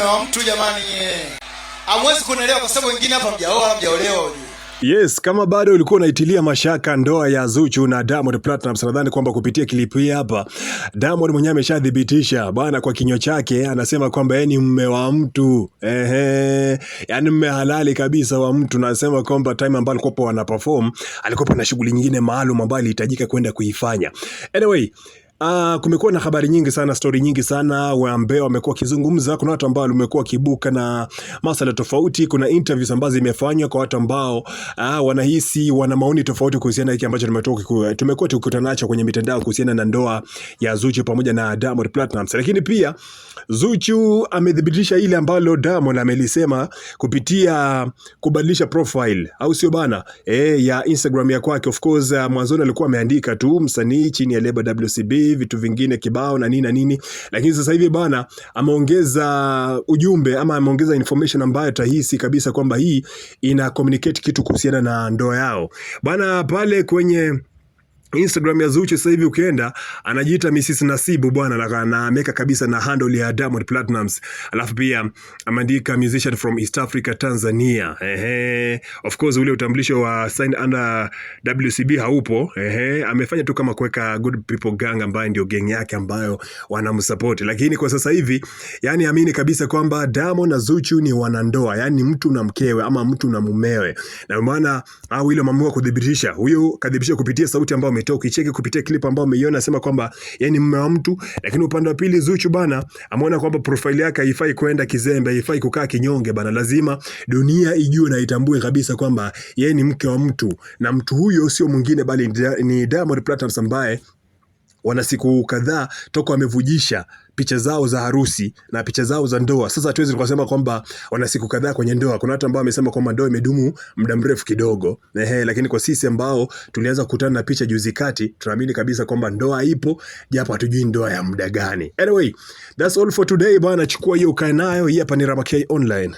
mume wa mtu jamani, hamwezi kunielewa kwa sababu wengine hapa mjaoa, mjaolewa. Yes, kama bado ulikuwa unaitilia mashaka ndoa ya Zuchu na Diamond Platnumz, nadhani kwamba kupitia klipu hii hapa Diamond mwenyewe ameshadhibitisha bwana, kwa kinywa chake anasema kwamba yeye ni mume wa mtu ehe, yani mume halali kabisa wa mtu, na anasema kwamba time ambayo alikuwa wana perform alikuwa na shughuli nyingine maalum ambayo alihitajika kwenda kuifanya anyway Uh, kumekuwa na habari nyingi sana, stori nyingi sana ambao wamekuwa wakizungumza. Kuna watu ambao wamekuwa wakibuka na masala tofauti. Kuna interviews ambazo zimefanywa kwa watu ambao uh, wanahisi wana maoni tofauti kuhusiana na hiki ambacho tumekuwa tukikutana nacho kwenye mitandao kuhusiana na ndoa ya Zuchu pamoja na Diamond Platnumz. Lakini pia Zuchu amethibitisha ile ambalo Diamond amelisema kupitia kubadilisha profile, au sio bana? E, ya Instagram ya kwake. Of course, mwanzoni alikuwa ameandika tu msanii chini ya label WCB vitu vingine kibao na nini na nini, lakini sasa hivi bwana ameongeza ujumbe ama ameongeza information ambayo tahisi kabisa kwamba hii ina communicate kitu kuhusiana na ndoa yao bwana pale kwenye Instagram ya Zuchu sasa hivi ukienda anajiita Mrs Nasibu bwana, na ameweka kabisa na handle ya Diamond Platnumz, alafu pia ameandika musician from East Africa Tanzania. Ehe, of course ule utambulisho wa signed under WCB haupo. Ehe, amefanya tu kama kuweka Good People Gang ambayo ndio gang yake ambayo wanamsupport, lakini kwa sasa hivi yani amini kabisa kwamba Diamond na Zuchu ni wanandoa, yani mtu na mkewe ama mtu na mumewe, na maana au ile mamua kudhibitisha huyo kadhibitisha kupitia sauti ambayo ametoa. Ukicheki kupitia clip ambayo umeiona, nasema kwamba yeye ni mume wa mtu, lakini upande wa pili Zuchu bana ameona kwamba profile yake haifai kwenda kizembe, haifai kukaa kinyonge bana, lazima dunia ijue na itambue kabisa kwamba yeye ni mke wa mtu, na mtu huyo sio mwingine bali ni Diamond Platnumz ambaye wana siku kadhaa toka wamevujisha picha zao za harusi na picha zao za ndoa. Sasa hatuwezi tukasema kwamba wana siku kadhaa kwenye ndoa. Kuna watu ambao wamesema kwamba ndoa imedumu muda mrefu kidogo. Ehe, lakini kwa sisi ambao tulianza kukutana na picha juzi kati, tunaamini kabisa kwamba ndoa ipo, japo hatujui ndoa ya muda gani. Anyway, that's all for today bwana, chukua hiyo ukae nayo. Hii hapa ni Online.